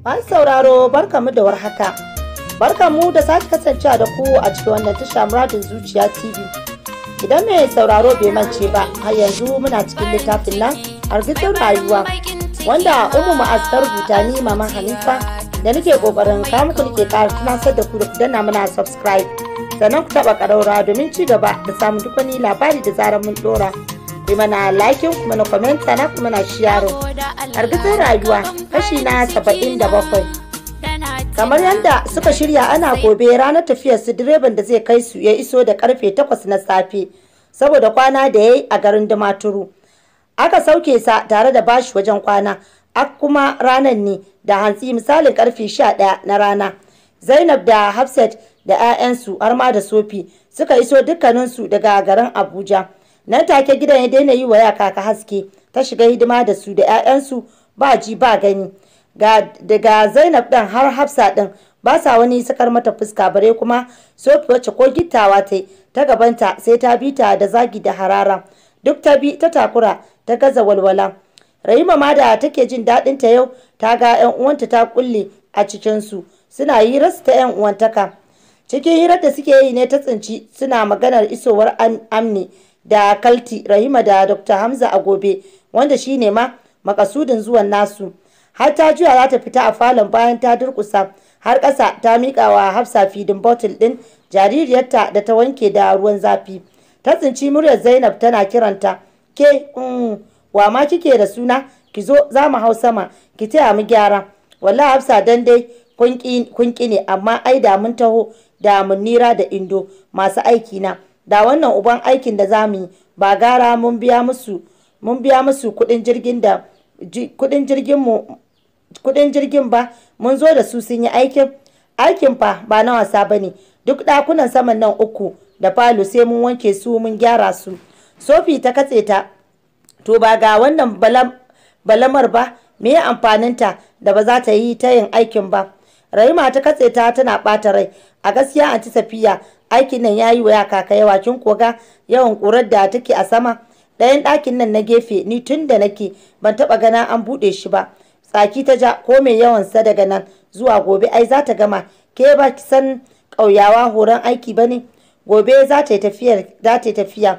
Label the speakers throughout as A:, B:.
A: Masu sauraro barka mu da warhaka. Barka mu da sake kasancewa da ku a cikin wannan tasha muradin zuciya TV. Idan mai sauraro bai mance ba, har yanzu muna cikin littafin nan arzikin rayuwa wanda umu ma'az ta rubuta ni mama Hanifa da nake kokarin ka muku nake ƙara tunasar da ku da danna muna subscribe. Sannan ku taɓa ƙaraura domin ci gaba da samun duk wani labari da zarar mun ɗora. yi mana likin kuma na comment kuma na sharing hargitsin rayuwa kashi na saba'in da bakwai kamar yadda suka shirya ana gobe ranar tafiyar su direban da zai kai su ya iso da karfe takwas na safe saboda kwana da ya yi a garin dumaturu. aka sauke sa tare da bashi wajen kwana a kuma ranar ne da hantsi misalin karfe sha ɗaya na rana zainab da hafsat da 'ya'yansu har ma da sofi suka iso dukkaninsu daga garin abuja nan take gidan ya daina yi wa yaka ka haske ta shiga hidima da su da 'ya'yansu ba ji ba gani daga zainab ɗin har hafsa ɗin ba sa wani sakar mata fuska bare kuma sofi wacce ko gittawa ta ta gabanta sai ta bi ta da zagi da harara duk ta bi ta takura ta gaza walwala rahima ma da take jin daɗin ta yau ta ga 'yan uwanta ta kulle a cikin su suna yi rasu ta 'yan uwantaka cikin hirar da suke yi ne ta tsinci suna maganar isowar amni da kalti rahima da dr hamza a gobe wanda shine ma makasudin zuwan nasu har ta juya za ta fita a falon bayan ta durkusa har ƙasa ta miƙa wa hafsa fidin botul ɗin jaririyarta da ta wanke da ruwan zafi ta tsinci muryar zainab tana kiranta ke mm, wa ma kike da suna ki zo za mu hau sama ki taya mu gyara wallah hafsa dan dai kunki ne amma ai da mun taho da nira da indo masu aiki na da wannan uban aikin da za mu yi ba gara mun biya musu mun kuɗin jirgin da ba mun zo da su sun yi aikin aikin fa ba na wasa bane duk dakunan saman nan uku da falo sai mun wanke su mun gyara su sofi ta katse ta to ba ga wannan balamar ba me ya amfaninta da ba za ta yi ta yin aikin ba rahima ta katse ta tana ɓata rai a gaskiya anti safiya aikin nan yayi wa kaka yawa kin koga yawan ƙurar da take a sama ɗayan ɗakin nan na gefe ni tun da nake ban taɓa gana an buɗe shi ba tsaki ta ja ko mai yawan sa daga nan zuwa gobe ai za ta gama ke ba ki san ƙauyawa horon aiki ba ne gobe za ta yi tafiya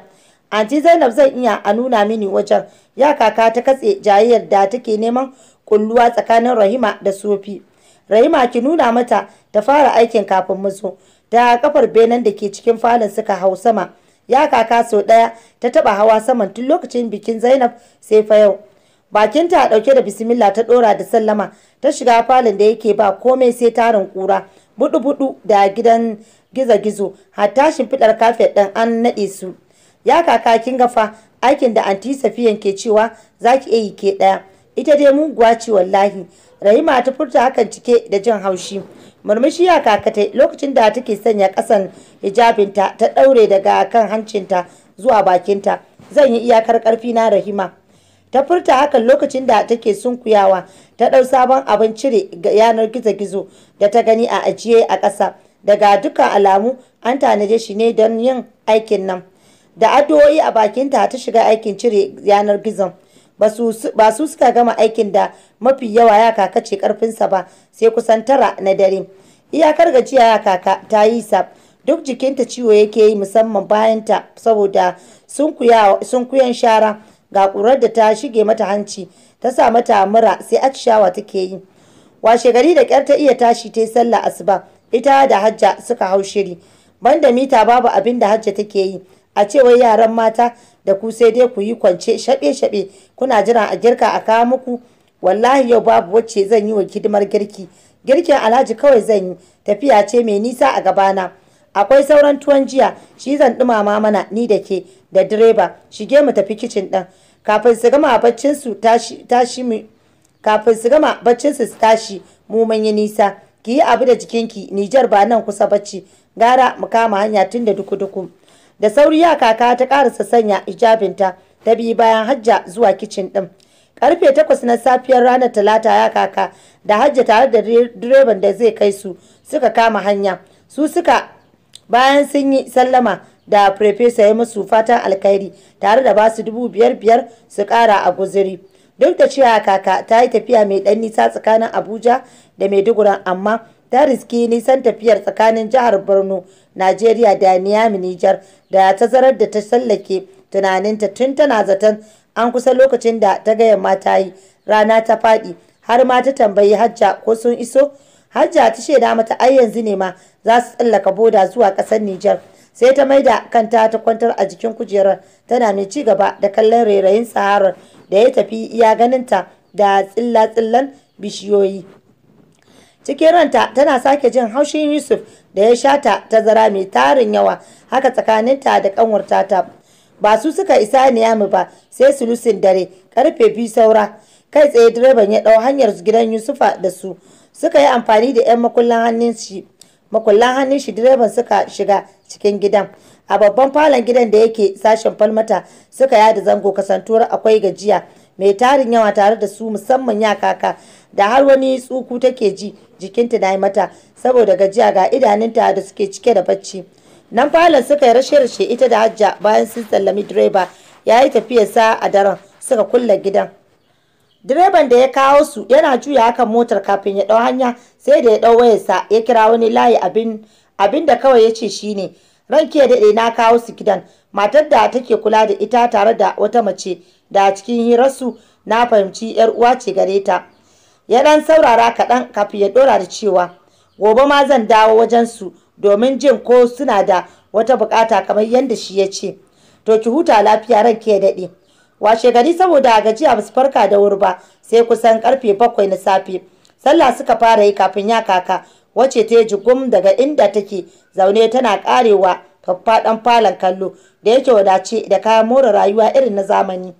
A: anti zainab zan iya a nuna mini wajen ya kaka ta katse jayayyar da take neman kulluwa tsakanin rahima da sofi rahima ki nuna mata ta fara aikin kafin mu zo da kafar benen da ke cikin falon suka hau sama ya kaka sau ɗaya ta taɓa hawa saman tun lokacin bikin zainab sai fa yau bakinta a ɗauke da bismillah ta ɗora da sallama ta shiga falon da yake ba komai sai tarin kura buɗu budu da gidan gizo-gizo hatta shimfiɗar kafet ɗin an nade su ya kaka kin gafa aikin da anti safiyan ke cewa zaki iya yi ke ɗaya ita dai muguwa ce wallahi rahima ta furta hakan cike da jin haushi murmushi ya kakatai lokacin da take sanya kasan hijabinta ta daure daga kan hancinta zuwa bakinta zan yi iyakar karfi na rahima ta furta hakan lokacin da take sunkuyawa ta dau sabon abin cire yanar gizo-gizo da ta gani a ajiye a ƙasa daga dukan alamu an tanaje shi ne don yin aikin nan da addu'o'i a bakinta ta shiga aikin cire yanar gizon ba su suka gama aikin da mafi yawa ya kaka ce karfinsa ba sai kusan tara na dare iyakar gajiya ya kaka ta yi sa, duk jikinta ciwo yake yi musamman bayanta saboda sunkuyan shara ga ƙurar da ta shige mata hanci ta sa mata mura sai shawa take yi washe gari da ƙyar ta iya tashi ta yi sallah asuba ita da hajja suka hau shiri banda mita babu abin da hajja take yi a cewar yaran mata da ku sai dai ku yi kwance shaɓe-shaɓe kuna jiran a girka a kawo muku wallahi yau babu wacce zan yi wa hidimar girki girkin alhaji kawai zan yi tafiya ce mai nisa a gabana akwai sauran tuwon jiya shi zan dumama mana ni da ke da direba shige mu tafi kicin ɗin kafin su gama baccin su tashi mu kafin su gama baccin su tashi mu mun nisa ki yi abu da jikinki nijar ba nan kusa bacci gara mu kama hanya tun da duku-duku da sauri ya kaka ta karasa sanya hijabinta ta bi bayan hajja zuwa kicin din karfe takwas na safiyar ranar talata ya kaka da hajja tare da direban da zai kai su suka kama hanya su suka bayan sun yi sallama da farfesa ya musu fatan alkhairi tare da basu dubu biyar biyar su kara a guziri duk da cewa kaka ta yi tafiya mai dan nisa tsakanin abuja da maiduguri amma ta riski nisan tafiyar tsakanin jihar borno Najeriya da Niyami Nijar da tazarar da ta tsallake tunaninta tun tana zaton an kusa lokacin da ta ga yamma ta yi rana ta faɗi har ma ta tambayi hajja ko sun iso hajja ta shaida mata ai yanzu ne ma za su tsallaka boda zuwa ƙasar Nijar sai ta maida kanta ta kwantar a jikin kujerar tana mai ci gaba da kallon rairayin saharar da ya tafi iya ganinta da tsilla-tsillan bishiyoyi cikin ranta tana sake jin haushin yusuf da ya shata tazara mai tarin yawa haka tsakaninta da kanwarta ta ba su suka isa niyami ba sai sulusin dare karfe biyu saura kai tsaye direban ya dau hanyar gidan yusufa da su suka yi amfani da 'yan makullan hannun shi makullan hannun shi direban suka shiga cikin gidan a babban falon gidan da yake sashen falmata suka yada zango kasantuwar akwai gajiya mai tarin yawa tare da su musamman ya kaka da har wani tsuku take ji jikinta na yi mata saboda gajiya ga idanunta da suke cike da bacci nan falon suka yi rashe-rashe ita da hajja bayan sun sallami direba ya yi sa a daren suka kulle gidan direban da ya kawo su yana juya hakan motar kafin ya ɗau hanya sai da ya ɗau wayarsa ya kira wani layi abin da kawai ya ce shine ranke daɗe na kawo su gidan matar da take kula da ita tare da wata mace da cikin hirarsu na fahimci yar uwa ce gare ta ya ɗan saurara kaɗan kafin ya ɗora da cewa gobe ma zan dawo wajensu domin jin ko suna da wata buƙata kamar yadda shi ya ce to ki huta lafiya ran ke daɗe washe gari saboda gajiya ba su farka da wuri ba sai kusan karfe bakwai na safe sallah suka fara yi kafin ya kaka wacce ta ji gum daga inda take zaune tana karewa faffaɗan falon kallo da yake wadace da kayan more rayuwa irin na zamani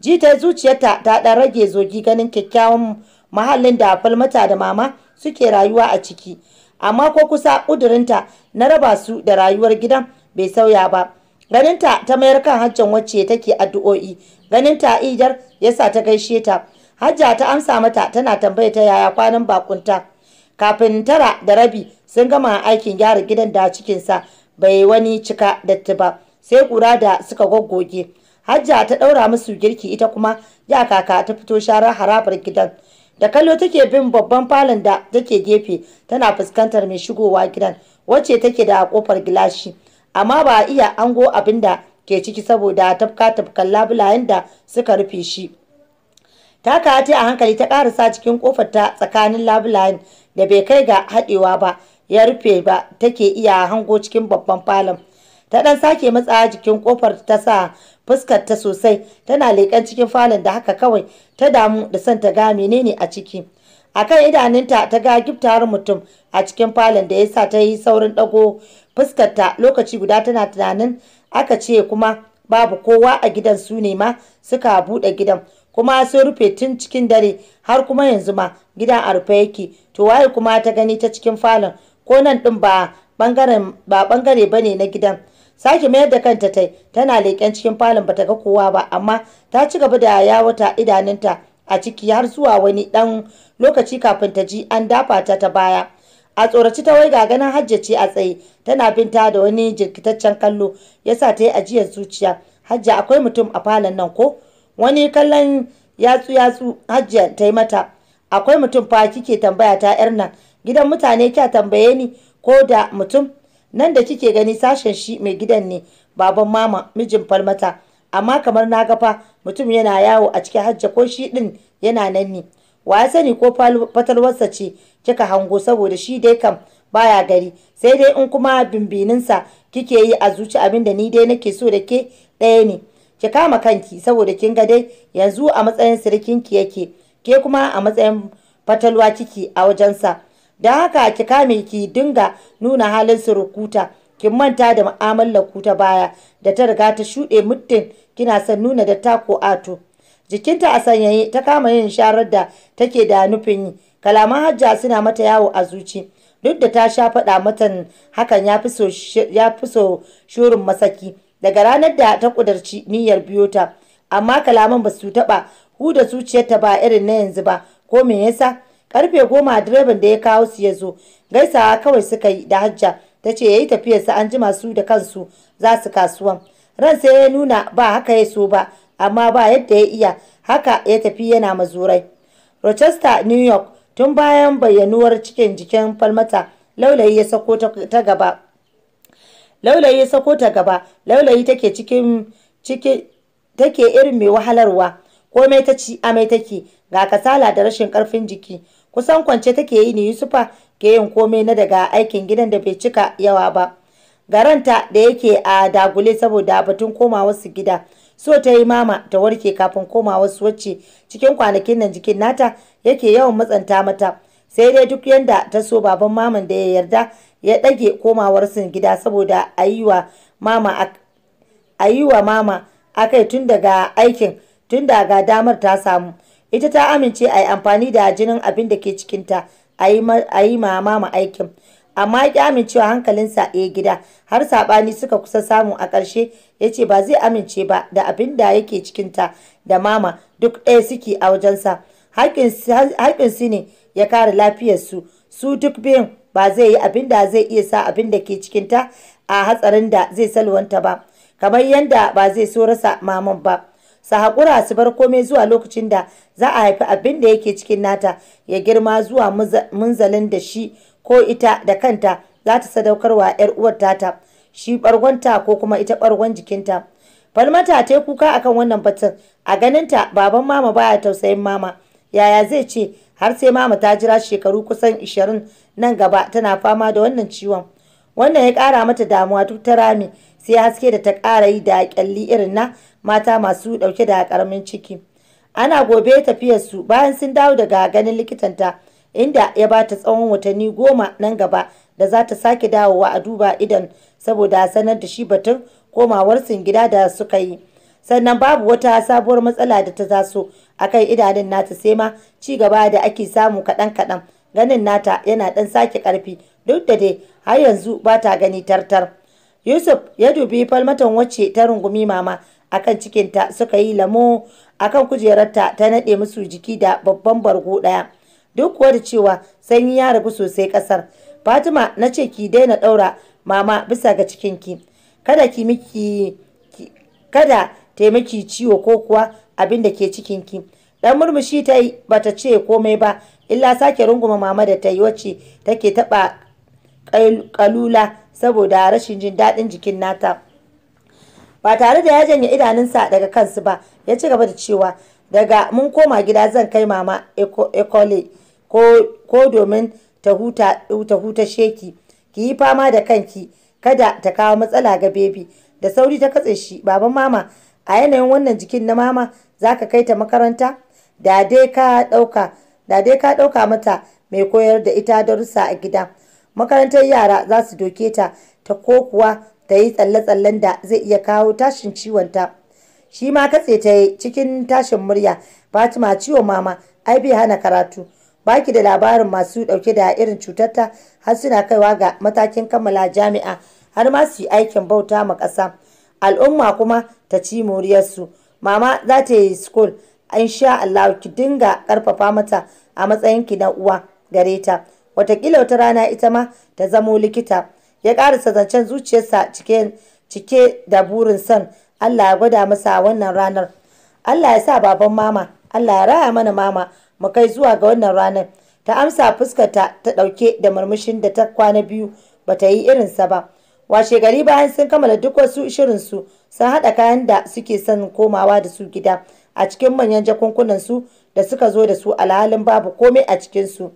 A: ji ta zuciyarta ta ɗan rage zogi ganin kyakkyawan Mahallin da falmata da mama suke rayuwa a ciki amma ko kusa ƙudurinta na raba su da rayuwar gidan bai sauya ba ganinta ta mayar kan hajjan wacce take addu'o'i ganinta idar yasa ta gaishe ta hajja ta amsa mata tana tambaya ta yaya kwanan bakunta kafin tara da rabi sun gama aikin gyara gidan da cikin sa bai wani cika datti ba sai kura da suka goggoge hajja ta ɗaura musu girki ita kuma ya kaka ta fito sharar harabar gidan da kallo take bin babban falon da take gefe tana fuskantar mai shigowa gidan wacce take da kofar gilashi amma ba a iya ango abin da ke ciki saboda tafka tafkan labulayen da suka rufe shi ta kati a hankali ta karasa cikin kofar ta tsakanin labulayen da bai kai ga haɗewa ba ya rufe ba take iya hango cikin babban falon ta dan sake matsa jikin kofar ta sa fuskar ta sosai tana leƙen cikin falon da haka kawai ta damu da son ta ga menene a ciki akan idanunta ta ga har mutum a cikin falon da ya sa ta yi saurin ɗago fuskarta lokaci guda tana tunanin aka ce kuma babu kowa a gidan su ne ma suka buɗe gidan kuma sun rufe tun cikin dare har kuma yanzu ma gidan a rufe yake to waye kuma ta gani ta cikin falon ko nan din ba bangare ba ne na gidan sake mayar da kanta tai tana leƙen cikin falon bata ga kowa ba amma ta ci gaba da yawata idanunta a ciki har zuwa wani ɗan lokaci kafin ta ji an dafa ta ta baya a tsoraci ta wai waiga ganin hajjace a tsaye tana binta da wani jirkitaccen kallo yasa ta yi ajiyar zuciya hajja akwai mutum a falon nan ko wani kallon yatsu yatsu hajja ta yi mata akwai mutum fa kike tambaya ta yar nan gidan mutane kya tambaye ni ko da mutum nan da kike gani sashen shi mai gidan ne baban mama mijin falmata amma kamar na ga fa mutum yana yawo a cikin hajja ko shi din yana nan ne wa ya sani ko fatalwarsa ce kika hango saboda shi dai kam baya gari sai dai in kuma bimbininsa kike yi a zuci abin da ni dai nake so da ke ɗaya ne ki kama kanki saboda kin ga dai yanzu a matsayin sirikinki yake ke kuma a matsayin fatalwa kiki a wajensa Don haka ki kame ki dinga nuna halin surukuta kin manta da mu'amalar ku ta baya da ta riga ta shuɗe muddin kina son nuna da ko ato jikinta a sanyaye ta kama yin sharar da take da nufin yi kalaman hajja suna mata yawo a zuci duk da ta sha faɗa mata hakan ya fi so shurin masaki daga ranar da ta ƙudarci niyyar biyo ta amma kalaman ba su taɓa da zuciyarta ba irin na yanzu ba ko me yasa karfe goma direban da ya kawo su ya zo gaisawa kawai suka yi da hajja ta ce ya yi tafiyarsa an jima su da kansu za su kasuwan ran sai ya nuna ba haka ya so ba amma ba yadda ya iya haka ya tafi yana mazurai rochester new york tun bayan bayyanuwar cikin jikin falmata laulayi ya sako ta gaba laulayi ya sako ta gaba laulayi take cikin take irin mai wahalarwa komai ta ci amai take ga kasala da rashin karfin jiki kusan kwance take yi ne Yusufa ke yin komai na daga aikin gidan da bai cika yawa ba garanta da yake a dagule saboda batun koma wasu gida so ta yi mama ta warke kafin koma wasu wacce cikin kwanakin nan jikin nata yake yawan matsanta mata sai dai duk yanda ta so baban maman da ya yarda ya ɗage komawarsu gida saboda a yi wa mama akai tun daga aikin tun daga damar ta samu ita ta amince a yi amfani da jinin abin da ke cikinta a yi mama aikin amma ya amincewa hankalinsa ya gida har saɓani suka kusa samu a ƙarshe ya ce ba zai amince ba da abin da yake cikinta da mama duk ɗaya suke a wajensa haƙƙinsu ne ya kare lafiyarsu su duk biyun ba zai yi abin da zai iya sa abin da ke cikinta a hatsarin da zai salwanta ba kamar yadda ba zai so rasa maman ba su haƙura su bar komai zuwa lokacin da za a haifi abin da yake cikin nata ya girma zuwa munzalin da shi ko ita da kanta za ta sadaukarwa 'yar uwar tata shi ɓargonta ko kuma ita ɓargon jikinta falmata ta yi kuka akan wannan batun a ganinta baban mama baya tausayin mama yaya zai ce har sai mama ta jira shekaru kusan 20 nan gaba tana fama da wannan ciwon wannan ya ƙara mata damuwa duk ta rami sai haske da ta ƙara yi da ƙyalli irin na mata masu dauke da karamin ciki. Ana gobe tafiyarsu bayan sun dawo daga ganin likitanta inda ya ba ta tsawon watanni goma nan gaba da za ta sake dawowa a duba idan saboda sanar da shi batun komawar sun gida da suka yi. Sannan babu wata sabuwar matsala da ta taso a kan idanun nata sai ma ci gaba da ake samu kaɗan-kaɗan ganin nata yana ɗan sake ƙarfi duk da dai har yanzu ba ta gani tartar. Yusuf ya dubi falmatan wacce ta rungumi mama akan cikinta suka yi lamo akan kujerarta ta naɗe musu jiki da babban bargo ɗaya duk kuwa da cewa sanyi ya ragu sosai ƙasar fatima na ce ki daina ɗaura mama bisa ga cikinki kada ki miki kada taimaki ciwo ko kuwa abin da ke cikinki dan murmushi ta yi bata ce komai ba illa sake runguma mama da ta yi wacce take taɓa kalula saboda rashin jin daɗin jikin nata. ba tare da ya janye idanunsa daga kansu ba ya ci gaba da cewa daga mun koma gida zan kai mama ekole ko domin ta huta sheki ki yi fama da kanki kada ta kawo matsala ga bebi da sauri ta katse shi baban mama a yanayin wannan jikin na mama za ka kai ta makaranta da dai ka ɗauka mata mai koyar da ita darussa a gida makarantar yara za su doke ta ta ko kuwa ta yi tsalle-tsallen da zai iya kawo tashin ciwon ta shi ma katse ta yi cikin tashin murya fatima ciwon mama ai bai hana karatu baki da labarin masu dauke da irin cutarta har suna kaiwa ga matakin kammala jami'a har ma su yi aikin bauta ma ƙasa al'umma kuma ta ci moriyarsu mama za ta yi school an sha Allah ki dinga ƙarfafa mata a matsayinki na uwa gare ta Wataƙila wata rana ita ma ta zamo likita ya ƙara zancen zuciyarsa cike cike da burin son Allah ya gwada masa wannan ranar Allah ya sa baban mama Allah ya raya mana mama mu kai zuwa ga wannan ranar ta amsa fuskarta ta ɗauke da murmushin da ta kwana biyu bata yi irinsa ba washe gari bayan sun kammala duk wasu shirinsu sun haɗa kayan da suke son komawa da su gida a cikin manyan jakunkunan su da suka zo da su alhalin babu komai a cikinsu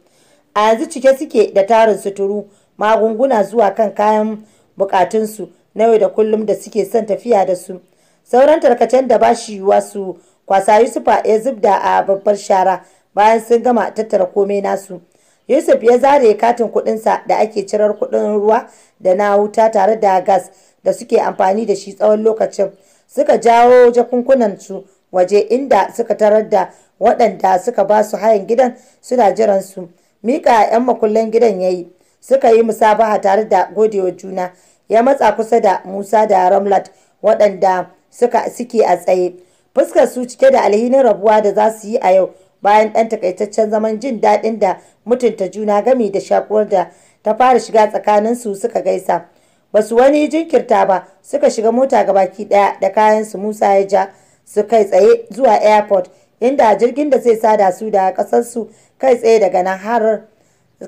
A: a yanzu cike suke da tarin suturu magunguna zuwa kan kayan bukatunsu na yau da kullum da suke son tafiya da su sauran tarkacen da ba shi yiwuwa su kwasa yusufa ya zubda a babbar shara bayan sun gama tattara komai nasu yusuf ya zare katin kudinsa da ake cirar kuɗin ruwa da na wuta tare da gas da suke amfani da shi tsawon lokacin suka jawo jakunkunansu waje inda suka tarar da waɗanda suka ba su hayan gidan suna jiransu. su mika 'yan makullan gidan ya yi suka yi musabaha tare da godewa juna ya matsa kusa da musa da ramlat waɗanda suka suke a tsaye fuskar su cike da alhinin rabuwa da za su yi a yau bayan ɗan takaitaccen zaman jin daɗin da mutunta juna gami da shakuwar da ta fara shiga tsakanin su suka gaisa ba su wani jinkirta ba suka shiga mota ga baki ɗaya da kayan su musa ya ja su kai tsaye zuwa airport inda jirgin da zai sada su da ƙasar su kai tsaye daga nan har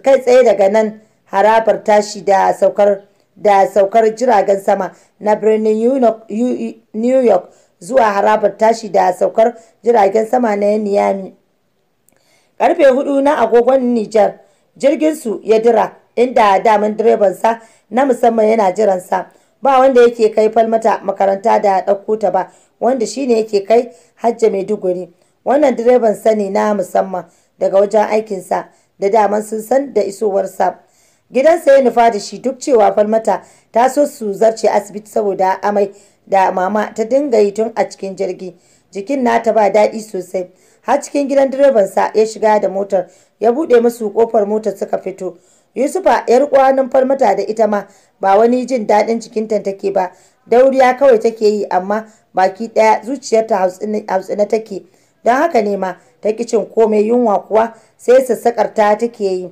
A: kai tsaye daga nan harabar tashi da saukar da saukar jiragen sama na birnin new york zuwa harabar tashi da saukar jiragen sama na niyami karfe hudu na agogon niger su ya dira inda damin direbansa na musamman yana jiransa ba wanda yake kai falmata makaranta da ɗauko ta ba wanda shine yake kai hajja maiduguri wannan direban sani na musamman daga wajen aikinsa da daman sun san da isowarsa Gidan ya nufa da shi duk cewa falmata ta so su zarce asibiti saboda amai da mama ta dinga yi tun a cikin jirgi jikin nata ba daɗi sosai har cikin gidan direban sa ya shiga da motar ya buɗe musu kofar motar suka fito yusufa yar kwanan falmata da ita ma ba wani jin daɗin jikinta take ba dauriya kawai take yi amma baki ɗaya zuciyarta hautsina take don haka ne ma ta cin komai yunwa kuwa sai sassaƙar ta take yi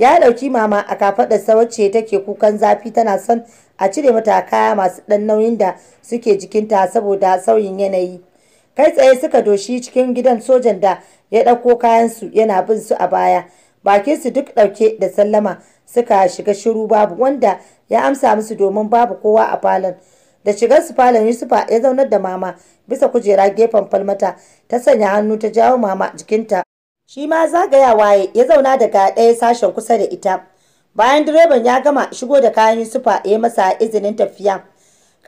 A: ya ɗauki mama a sa wacce take kukan zafi tana son a cire mata kaya masu ɗan nauyin da suke jikinta saboda sauyin yanayi kai tsaye suka doshi cikin gidan sojan da ya ɗauko kayansu yana bin su a baya Bakin su duk ɗauke da sallama suka shiga shiru babu wanda ya amsa musu domin babu kowa a falon da shigar su falon yusufa ya zaunar da mama bisa kujera gefen falmata ta sanya hannu ta jawo mama jikinta shi ma zagayawa ya zauna daga ɗaya sashen kusa da ita bayan direban ya gama shigo da kayan yusufa ya masa izinin tafiya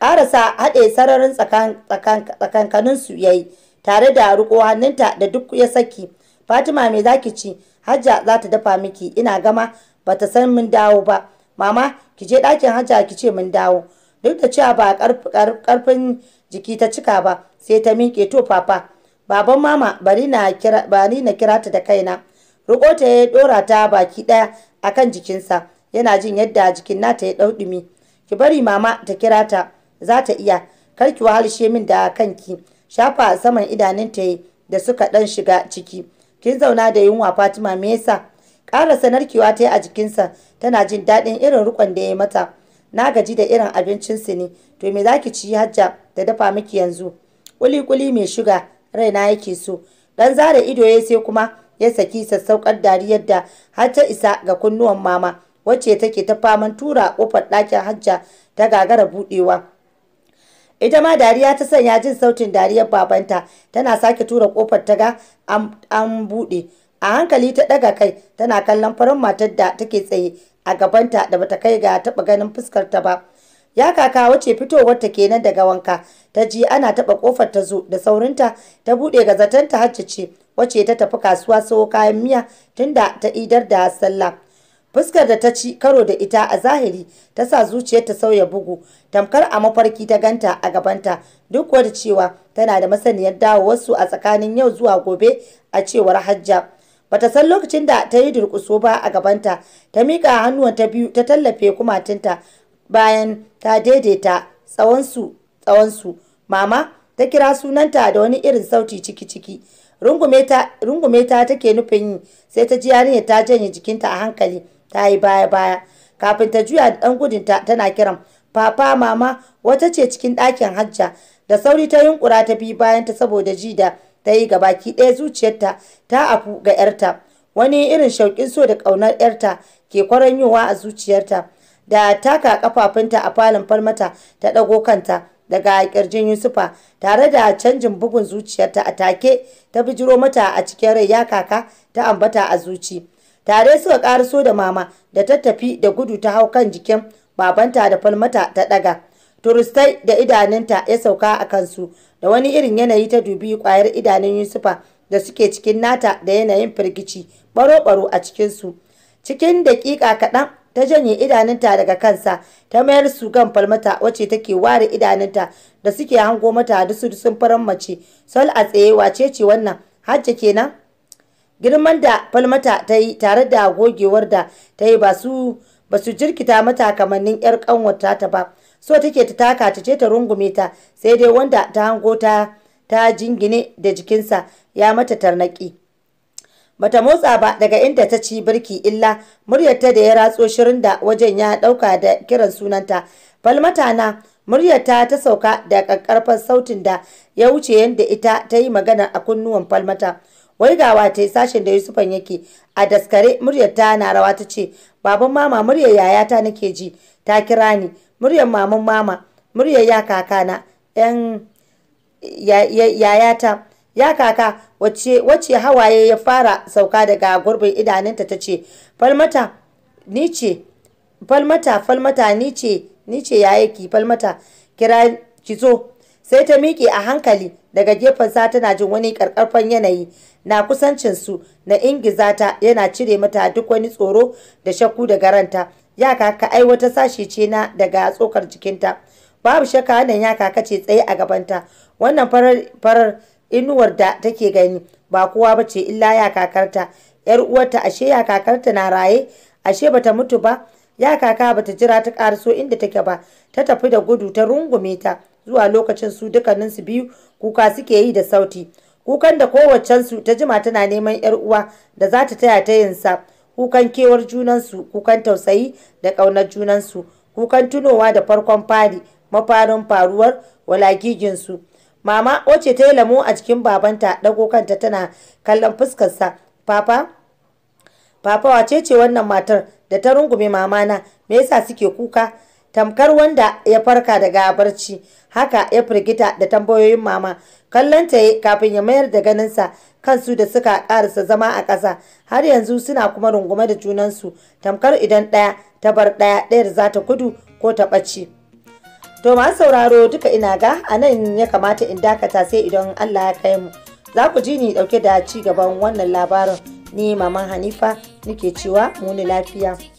A: ƙarasa haɗe sararin tsakankaninsu ya yi tare da riƙo hannunta da duk ya saki fatima mai zaki ci hajja za ta dafa miki ina gama ba ta san mun dawo ba mama ki je ɗakin hajja ki ce mun dawo duk da cewa ba ƙarfin jiki ta cika ba sai ta miƙe to papa baban mama bari na kira na kira ta da kaina riko ta ya dora ta baki daya akan jikinsa yana jin yadda jikin nata ya dau ki bari mama ta kira ta za ta iya kar ki wahalshe min da kanki shafa saman idanun ta da suka ɗan shiga ciki kin zauna da yunwa Fatima me yasa ƙara sanarkewa ta yi a jikinsa tana jin daɗin irin rukon da ya mata na gaji da irin abincinsu ne to me za ki ci hajja da dafa miki yanzu kuli-kuli mai shuga raina yake so dan zare, ido ya sai kuma ya saki sassaukar dariyar da har ta isa ga kunnuwan mama wacce take ta faman tura kofar ɗakin hajja ta gagara buɗewa ita ma dariya ta sanya jin sautin dariyar babanta tana sake tura kofar ta ga an buɗe a hankali ta ɗaga kai tana kallon farin matar da take tsaye a gabanta da bata kai ga taɓa ganin fuskar ta ba ya kaka wace fitowar ta kenan daga wanka ta ji ana taba kofar ta zo da saurinta ta bude ga ta hajji ce wace ta tafi kasuwa sawo kayan miya tunda ta idar da sallah fuskar da ta ci karo da ita a zahiri ta sa zuciyar ta sauya bugu tamkar a mafarki ta ganta a gabanta duk wadda cewa tana da masaniyar dawo wasu a tsakanin yau zuwa gobe a cewar hajja bata san lokacin da ta yi durkuso ba a gabanta ta miƙa hannuwan ta biyu ta tallafe kumatinta bayan ta daidaita tsawonsu tsawonsu mama ta kira sunanta da wani irin sauti ciki-ciki rungume ta take nufin yi sai ta ji yarinya ta janye jikinta a hankali ta yi baya-baya kafin ta juya dan gudunta tana kiran papa mama wata ce cikin ɗakin hajja da sauri ta yunkura ta bi bayan ta saboda ji da ta yi ki ɗaya zuciyarta ta afu ga 'yarta wani irin shauƙin so da ƙaunar 'yarta ke kwaranyowa a zuciyarta da taka kafafunta a falon falmata ta ɗago kanta daga kirjin Yusufa tare da canjin bugun zuciyarta a take ta bijiro mata a cikin rai ya kaka ta ambata a zuci. Tare suka karaso da mama da tattafi da gudu ta hau kan jikin babanta da falmata ta daga. Turistai da idanunta ya sauka a kansu da wani irin yanayi ta dubi kwayar idanun Yusufa da suke cikin nata da yanayin firgici baro-baro a cikinsu. Cikin daƙiƙa kaɗan ta janye idanunta daga kansa ta mayar su gan falmata wacce take ware idanunta da suke hango mata dusu sun faran mace sol a tsaye wace ce wannan hajja kenan girman da falmata ta yi tare da gogewar da ta yi ba su jirkita mata kamannin yar kanwata ta ba so take ta taka ta ce ta rungume ta sai dai wanda ta hango ta ta jingine da jikinsa ya mata tarnaki bata motsa ba daga inda ta ci birki illa muryarta da ya ratso shirin da wajen ya dauka da kiran sunanta falmata na muryarta ta sauka da kakkarfan sautin da ya wuce yadda ita ta yi magana a kunnuwan falmata wai gawa ta sashen da yusufan yake a daskare muryarta na rawa ta ce baban mama muryar yayata nake ji ta kira ni muryar maman mama muryar ya kakana yan yayata ya kaka wacce hawaye ya fara sauka daga gurbin idanunta ta ce falmata ni ce falmata falmata ni ce ni ce ya yake falmata kira ki zo sai ta miƙe a hankali daga gefen sa tana jin wani karkarfan yanayi na kusancin su na ingiza ta yana cire mata duk wani tsoro da shakku daga ranta ya kaka ai wata sashi ce na daga tsokar jikinta babu shakka wannan ya kaka ce tsaye a gabanta wannan farar farar inuwar da take gani ba kowa ba ce illa ya kakarta yar uwarta ashe ya kakarta na raye ashe bata mutu ba ya kaka bata jira ta karso inda take ba ta tafi da gudu ta rungume ta zuwa lokacin su dukkanin su biyu kuka suke yi da sauti kukan da kowace su ta jima tana neman yar uwa da za ta taya ta yin sa kukan kewar junansu kukan tausayi da ƙaunar junansu kukan tunowa da farkon fari mafarin faruwar walagiginsu Mama wacce ta yi lamo a cikin babanta ɗago kanta tana kallon fuskarsa. Papa? Papa wace ce wannan matar da ta rungume mamana me yasa suke kuka? Tamkar wanda ya farka daga barci haka ya firgita da tambayoyin mama kallonta ya kafin ya mayar da ganinsa kansu da suka karasa zama a ƙasa har yanzu suna kuma rungume da junansu tamkar idan ɗaya ta bar ɗaya ɗayar za ta kudu ko ta ɓace. To masu sauraro duka ina ga a nan ya kamata in dakata sai idan Allah ya kai mu. Za ku ji ni dauke da ci gaban wannan labarin ni maman Hanifa nake cewa muni lafiya.